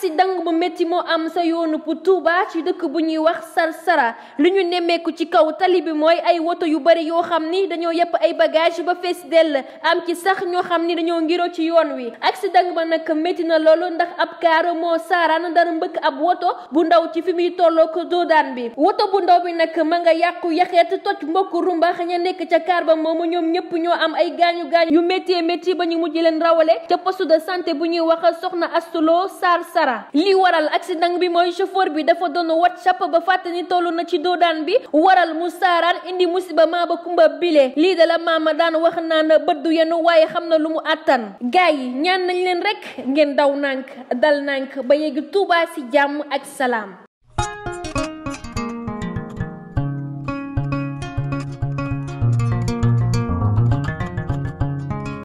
accident bu métti moo am sa yoonu bu Touba ci dëkk bu ñuy wax Sarsara lu ñu nemmeeku ci kaw tali bi mooy ay woto yu bari yoo xam ni dañoo yëpp ay bagage ba fees dell am ci sax ñoo xam ni dañoo ngiro ci yoon wi si accident ba nag métti na loolu ndax ab kaar moo saaraan dara mbëkk ab woto bu ndaw ci fi muy tolloog doodaan bi woto bu ndaw bi nag ma nga yàqu yaxeet toj mbokk rumbax ña nekk ca kaar ba moomu ñoom ñëpp ñoo am ay gaañu gaañu yu métti métti ba ñu mujj leen rawale dara li waral accident bi mooy chauffeur bi dafa doon whatsapp ba fàtte ni tollu na ci doodaan bi waral mu saaraan indi musiba maa ba kumba bile lii de la maama daan wax naan bëddu yenu waaye xam na lu mu àttan gaa yi ñaan nañ leen rek ngeen daw nànk dal nànk ba yegg Tuubaa ci jàmm ak salaam